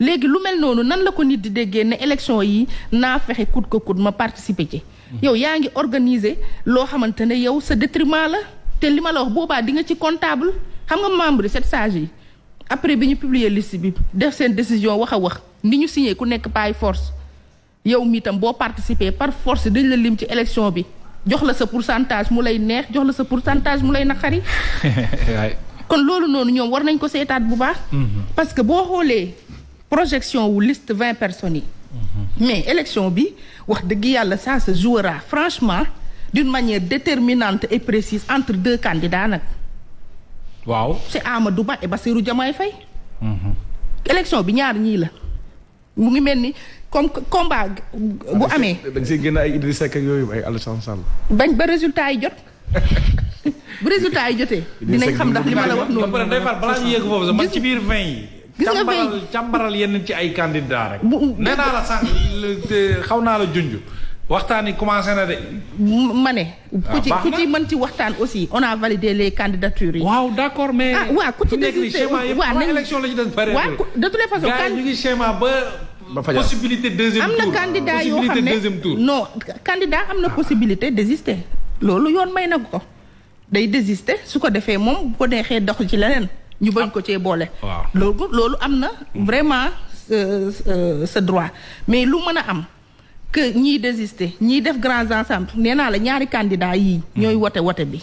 léegi lu mel noonu nan la ko nit di déggee ne élection yi naa fexe coûte ko coûte ma participer ci. yow yaa ngi organiser loo xamante ne yow sa détriment la te li ma la wax boobaa di nga ci comptable xam nga membre cette sage yi après bi ñu publier liste bi def seen décision wax a wax ni ñu signé ku nekk par force yow mi tam boo participer par force dañ la lim ci élection bi jox la sa pour pourcentage mu lay neex jox la sa pour centage mu lay naqari. kon loolu noonu ñoom war nañ ko seetaat bu baax. Mm-hmm. projection ou liste 20 personnes mais élection bi ça se jouera franchement d'une manière déterminante et précise entre deux candidats c'est Amadou et mhm. bi ñaar la mu ngi combat vous amee. da nga résultat résultat gis nga bay càmbaral yenn ci ay candidat rek. nee naa la sax xaw naa la junj. waxtaan yi commencé na de. ma ne. Ah, ku ci ku ci mën ci waxtaan aussi on a validé les candidatures yi. waaw d' accord mais. ah waaw ku ci désister waaw la ci des pare. de toutes les façons gars yi ñu ngi schéma ba. ba fajar am na candidat yoo xam ne non candidat am na ah. possibilité désister. loolu yoon may na ko day désister su ko defee moom bu ko neexee dox ci leneen. ñu bañ ko cee loolu loolu am vraiment euh, euh, ce droit mais lu mën am. que ni désister ni def grands ensembles nee naa la ñaari candidats yii. Hmm. ñooy wote bi.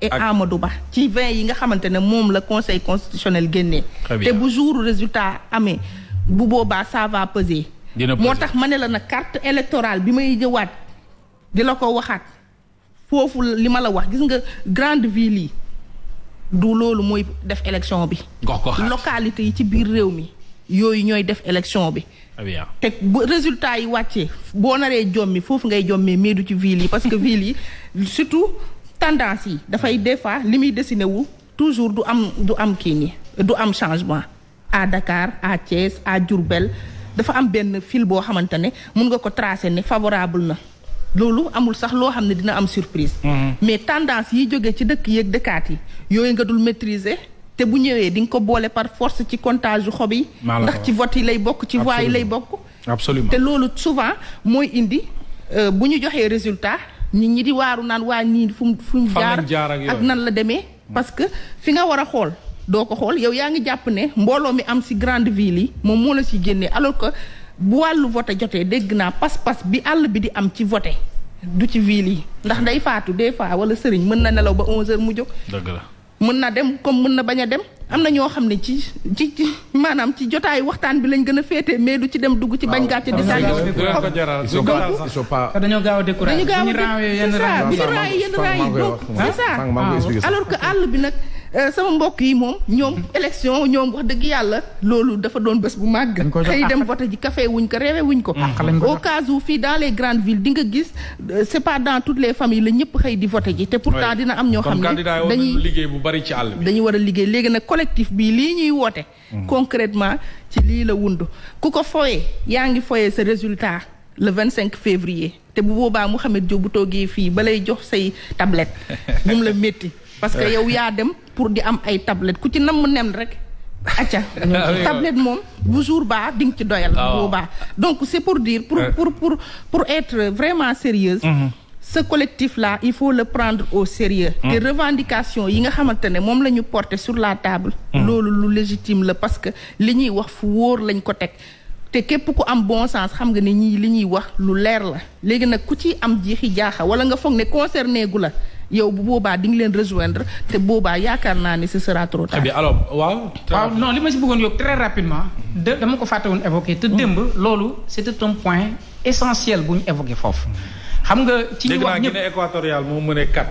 et Amadou Ba ci 20 yi nga conseil constitutionnel bu résultat bu ça va peser. moo tax la carte électorale bi may jëwaat di la ko li grande ville du loolu mooy def élection bi. localité yi ci biir réew mi yooyu ñooy def élection bi. Ah ah. te bu résultat yi wàccee boo naree jommi foofu ngay jommee mais du ci ville yi parce que ville yi surtout tendance yi dafay des fois li muy dessiné wu toujours du am du am kii nii du am changement. à Dakar à Thiès à Diourbel dafa am benn fille boo xamante ne mun nga ko tracer ne favorable na. loolu amul sax loo xam ne dina am surprise. Mm-hmm. mais tendance yi jóge ci dëkk yëg dëkkaat yi yooyu nga dul maîtriser. te bu ñëwee di nga ko boole par force ci comptage yu xob yi. ndax ci vote yi lay bokk ci voix yi lay bokk. absolument te loolu souvent mooy indi euh, bu ñu joxee résultat nit ñi di waaru naan waa nii fu mu fu mu jaar ak nan la demee. Mm. parce que fi nga war a xool doo ko xool yow yaa ngi jàpp ne mbooloo mi am si grande ville yi moom moo la si génnee alors que. bu wàllu voté jotee dégg naa pas-pas bi àll bi di am ci voté du ci ville yi ndax day faatu des fois wala sëriñ mën na nelaw ba 11 mu jóg. dëgg la mën na dem comme mën na bañ a dem am na ñoo xam ne ci ci ci maanaam ci jotaay waxtaan bi lañ gën a féetee mais du ci dem dugg ci bañ gàcce. di saa donc dañoo gaaw a découragé. dañu gaaw a bi ñu raay yi donc c'est ça ah. alors que àll bi nag. Eh, sama mbokk yi moom ñoom élection ñoom wax dëgg yàlla loolu dafa doon bés bu màgg xëy dem vote ji café wuñ ko réewe wuñ ko au cas où fii dans les grandes villes di nga gis euh, c'est pas dans toutes les familles la ñëpp xëy di vote ji te pourtant dina am ñoo xam ne dañuy liggéey bu bari ci àll bi dañuy war a liggéey léegi nag collectif bi lii ñuy woote mhm. concrètement ci lii la wund ku ko foyee yaa ngi foyee sa résultat le 25 février te bu boobaa Mouhamed Diop bu toogee fii balay jox say tablette bu mu la métti parce que yow yaa dem pour di am ay tablette ku ci nam nem rek. acca ah tablette moom bu jour baa di ci doyal. bu ah. baax donc c'est pour dire. pour pour pour pour être vraiment sérieuse mm-hmm. ce collectif là il faut le prendre au sérieux mm. te revendication yi nga xamante ne moom la ñu porter sur la table mm. loolu lu légitime la parce que li ñuy wax fu wóor lañ ko teg te képp ku am bon sens xam nga ne ñii li ñuy wax lu leer la léegi nag ku ci am jiixi jaaxa wala nga foog ne concerné gu la yow bu boobaa di nga leen rejoindre te boobaa yaakaar naa ne ce sera trop tard. waaw. waaw li ma si bëggoon yokk très rapidement. de dama ko fàtte woon évoqué te mm. démb loolu c'était un point essentiel bu ñu évoqué foofu. xam nga ci ñu wax ñëpp Guinée équatoriale moo mën a kat.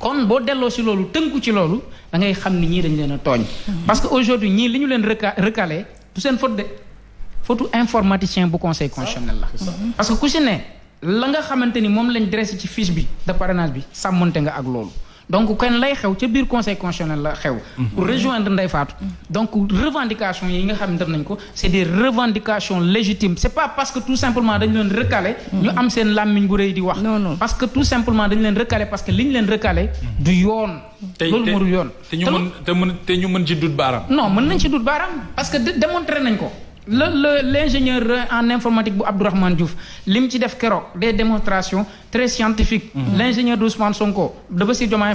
kon boo delloo si loolu tënku ci loolu da ngay xam ni ñii dañ leen a tooñ. parce que aujourd'hui ñii li ñu leen reca recalé du seen faute de faute informaticien bu conseil constitutionnel la. parce que ku si ne la nga xamante ni moom lañ dressé ci fiche bi de parrainage bi sàmmonte nga ak loolu. donc kenn lay xew biir conseil constitutionnel la mhm. pour rejoindre les Fatou. donc revendication revendications nga xam des revendications légitimes Ce n'est pas parce que tout simplement ils leen recalé. ñu am seen làmmiñ di non non parce que tout simplement dañ leen recalé parce que liñ leen recalé. Mhm. du yoon. te ñu mën te ñu mën ci non mën nañ ci parce que démontré nañ ko l'ingénieur en informatique bu Abdourahmane Diouf lim ci des démonstrations très scientifiques. Mhm. l'ingénieur d'Ousmane Sonko de Bassirou Diomaye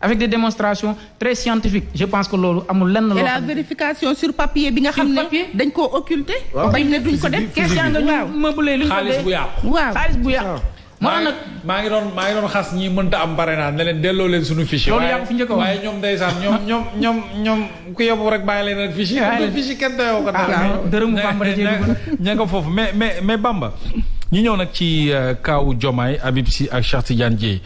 avec des démonstrations très scientifiques je pense que lolu amul lenn. la vérification sur papier bi nga xam papier, dañ ko occulter. bañ ne duñ ko def. question nga ñu mëbulee li bu Bouya moo nag maa ngi doon maa ngi doon xas ñi mënta am parrainage ne leen delloo leen suñu fichier. loolu yaa fi njëkk a waaye ñoom ndeysaan ñoom ñoom ñoom ñoom ku yóbbu rek bàyyi leen ak fichier. bàyyi leen fichier kenn doyoo ko ah, dara. dërëm Bamba ña nga foofu mais mais mais Bamba. ñu ñëw nag ci euh, kaw jomaay Habib Sy ak Cheikh Tidiane Dièye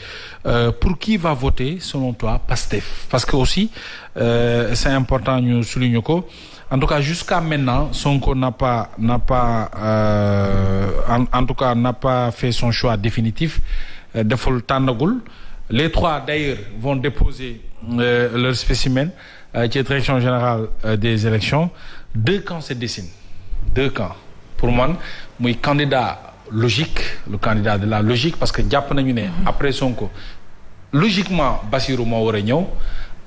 euh, pour qui va voter selon toi PASTEF parce que aussi euh, c'est important ñu souligne ko. En tout cas, jusqu'à maintenant, Sonko n'a pas, n'a pas, euh, en, tout cas, n'a pas fait son choix définitif euh, de Les trois, d'ailleurs, vont déposer euh, leur spécimen, qui est direction générale des élections. Deux camps se dessinent. Deux camps. Pour moi, oui, candidat logique, le candidat de la logique, parce que Diap après Sonko, logiquement, Bassirou Mouaw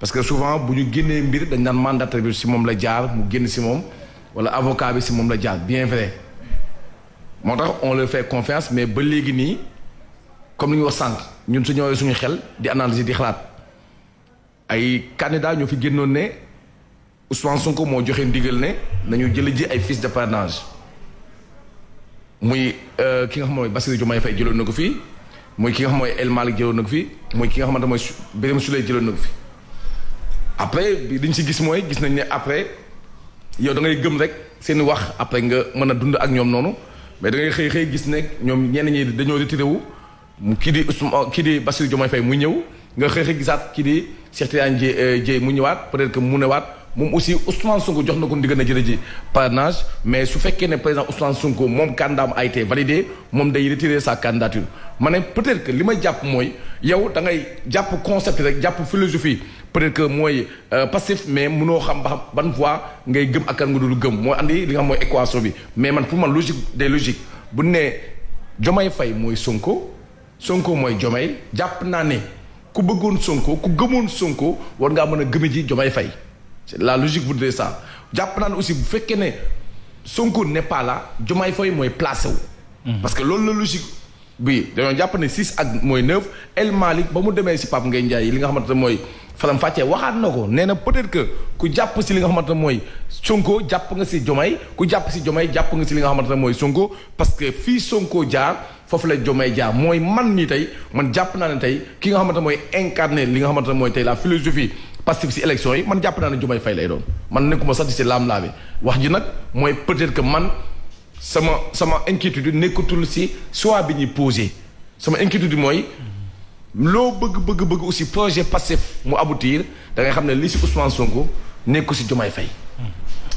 parce que souvent buñu guéné mbir dañ nan mandataire bi si mom la jaar mu guéné si mom wala avocat bi si mom la jaar bien vrai motax on le fait confiance mais ba légui ni comme ni wax sànq ñun su ñëwee suñu xel di analyser di xalat ay candidat ñoo fi génnoon ne Ousmane Sonko mo joxe ndigal né nañu jël ji ay fils de parrainage euh, muy ki nga xam mooy Bassirou Diomaye Fay jëloon na ko muy ki nga xam mooy El Malik jëloon na ko muy ki nga xamante moy Birame Souleye jëloon na ko après bi liñ ci gis mooy gis nañ ne après yow da ngay gëm rek seen wax après nga mën a dund ak ñoom noonu mais da ngay xëy xëy gis ne ñoom ñenn ñi dañoo retiré wu mu kii di Ousmane euh, kii di Bassirou Diomaye Faye mu ñëw nga xëy xëy gisaat kii di Cheikh Tidiane Dièye euh, mu ñëwaat peut-être que mu newaat moom aussi Ousmane Sonko jox na ko ndigal na jële ji parrainage mais su fekkee ne président Ousmane Sonko moom candidat a été validé moom day retirer sa candidature ma ne peut-être que li ma jàpp mooy yow da ngay jàpp concept rek jàpp philosophie peut que mooy euh, passif mais munoo xam ba ban voie ngay gëm ak kan nga dul gëm mooy indi li nga xam mooy équation bi mais man pour man logique des logiques bu ne Jomay fay mooy Sonko Sonko mooy Jomay jàpp naa ne ku bëggoon Sonko ku gëmoon Sonko war ngaa mën a gëme ji Jomay fay la logique voudrait ça jàpp naa ne aussi bu fekkee ne Sonko n'est pas Jomay Faye mooy placé mm-hmm. parce que loolu la logique. bi dañoo jàpp ne six ak mooy neuf El ba mu demee si Pape Ngagne Ndiaye li nga xamante mooy faram fàccee waxaat na ko nee na peut-être que ku jàpp si li nga xamante ne mooy Sonko jàpp nga si Jomay ku jàpp si Jomay jàpp li nga xamante ne mooy jaar foofu la Jomay jaar mooy man nii tey man jàpp naa ne tey ki nga xamante mooy incarné li nga xamante mooy tey la philosophie passive si élection yi man jàpp naa ne Jomay fay lay doon man nekkuma sax si laam-laame wax ji nag mooy peut-être man. sama sama inquiétude nekkatul si soit bi poser posé sama inquiétude moy lo bëgg bëgg bëgg aussi projet passé mu aboutir da ngay xamné li ci Ousmane Sonko nekku ci Diomaye Fay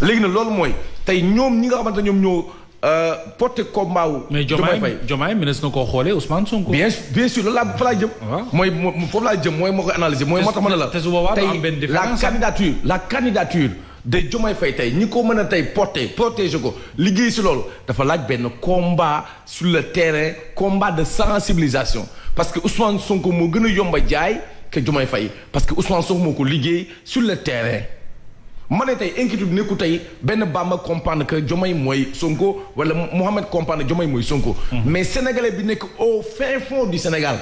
légui na lool moy tay ñom ñi nga xamanté ñom ñoo euh, porter combat wu. Diomaye Faye mais Diomaye mënees na koo Ousmane Sonko. bien bien sûr loolu l'a fa laa jëm. mooy foofu laa jëm mooy analyser moy motax man la. tay la candidature la candidature de Diomaye Faye tay ñi ko mën tay tey porté protéger ko liggéey ci loolu dafa laaj ben combat sur le terrain combat de sensibilisation parce que Ousmane Sonko mo yomba yomba jaay que Diomaye Faye parce que Ousmane Sonko moko sur le terrain mané tay inquiétude neku tay ben Bamba comprendre que Diomaye moy Sonko wala Mohamed comprendre Diomaye moy Sonko. Mhm. mais sénégalais bi nek au fin fond du Sénégal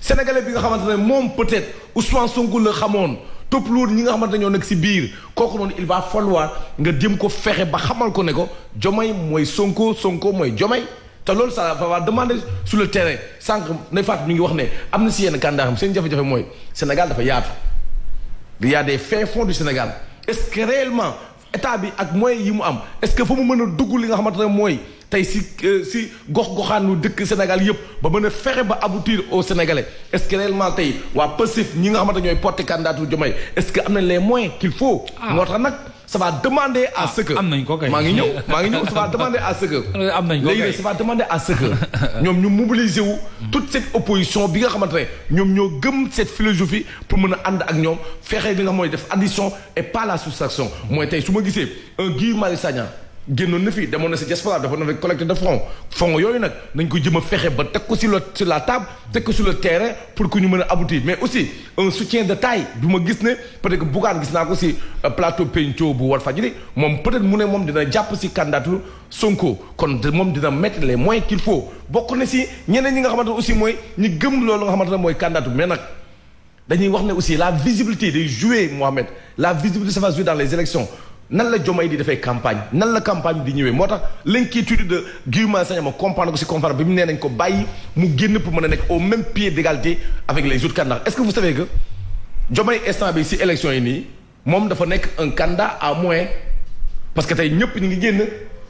sénégalais bi nga xamantene mom peut-être Ousmane Sonko le xamone top loolu ñi nga xamante ne ñoo nekk si biir kooku non il va falloir nga dem ko fexé ba xamal ko ne ko Diomaye mooy Sonko Sonko mooy Diomaye te loolu ça va demander sur le terrain sank ne fat mi ngi wax ne amna ci si yenn candidat seen jafé jafé moy Sénégal dafa yaatu il y a des fins fonds du Sénégal est-ce que réellement état bi ak moyens yi mu am est-ce que fa mu mën a dugg li nga xamante ne mooy tey si euh, si gox-goxaanu dëkk Sénégal yépp ba mën a fexe ba aboutir au Sénégalais est-ce que réellement tey waa Pastef ñi nga xamante ñooy porter candidature Diomaye est-ce que am nañ les moyens qu'il faut ah. moo tax nag ah, ça va demander à ce que. ça va demander à ce que. ça va demander à ce que nous nous mobilisons toute cette opposition bi nga après cette philosophie pour nous and ànd faire des additions et pas la soustraction moi tey su ma un Guy génnoon na fi demoon na si diaspora dafa na collecte de fonds fonds yooyu nag nañ ko jëm a fexe ba teg ko si la sur la table teg ko sur le terrain pour que ñu mën a aboutir mais aussi un soutien de taille bi ma gis ne peut-être que Bougane gis naa ko si euh, plateau Pencoo bu Walfadjri moom peut-être mu ne moom dina jàpp si candidature Sonko kon moom dina mettre les moyens qu'il faut bokk na si ñeneen ñi nga xamante aussi mooy ñi gëm loolu nga xamante ne mooy candidature mais nag dañuy wax ne aussi la visibilité day jouer Mohamed la visibilité ça va jouer dans les élections nan la jomay di defay campagne nan la campagne di ñëwé motax l'inquiétude de Guy Marius Sagna ma comprendre ko si conférence bi mu nee nañ ko bayyi mu génn pour mëna nek au même pied d'égalité avec les autres candidats est-ce que vous savez que jomay instant bi ci élection yi nii moom dafa nek un candidat à moins, parce que tay ñëpp ñi ngi génn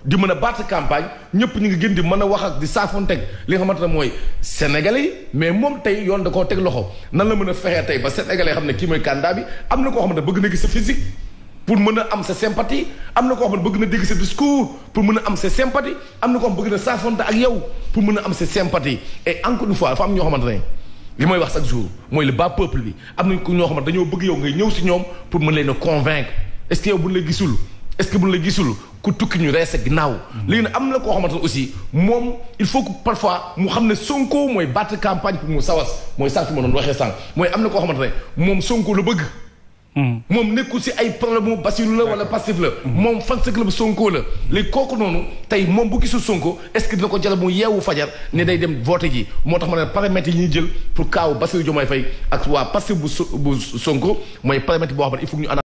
di mëna battre campagne ñëpp ñi ngi génn di mëna wax ak di safonté li nga xamante sénégalais mais mom tay yoon da ko teg loxo nan la mëna fexé tay ba sénégalais xam ne kii candidat bi amna ko koo bëgg na gis sa physique pour mener a am sa sympathie am na koo xam ne bëgg na dégg discours pour mener a am sa sympathie am na koo xam bëgg na saafonte ak yow pour mener a am sa sympathie et encore une fois dafa am ñoo xamante ne li may wax chaque jour mooy le bas peuple lui. am nañ ko ñoo xamante dañoo bëgg yow ngay ñëw si ñoom pour mener le convaincre est-ce que yow buñ la gisul est-ce qu'il buñ la gisul ku tukki ñu rees sa ginnaaw. léegi nag am na koo aussi mom il faut que parfois mu xamne Sonko moy battre campagne pour mu sawas moy sànq fi ma doon waxee sànq mooy am na koo xamante ne Sonko lu beug Mm. moom nekkul si ay problème mu la wala passif la. Mm. moom fan club Sonko la. léegi kooku noonu tey moom bu gisul Sonko est-ce que dina ko jël mu fajar ne day dem voter ji motax tax paramètre ne paramètres yi ñuy jël pour kaw Bassirou Diomaye fay ak waa passif bu Sonko moy paramètre bo xam il faut ñu.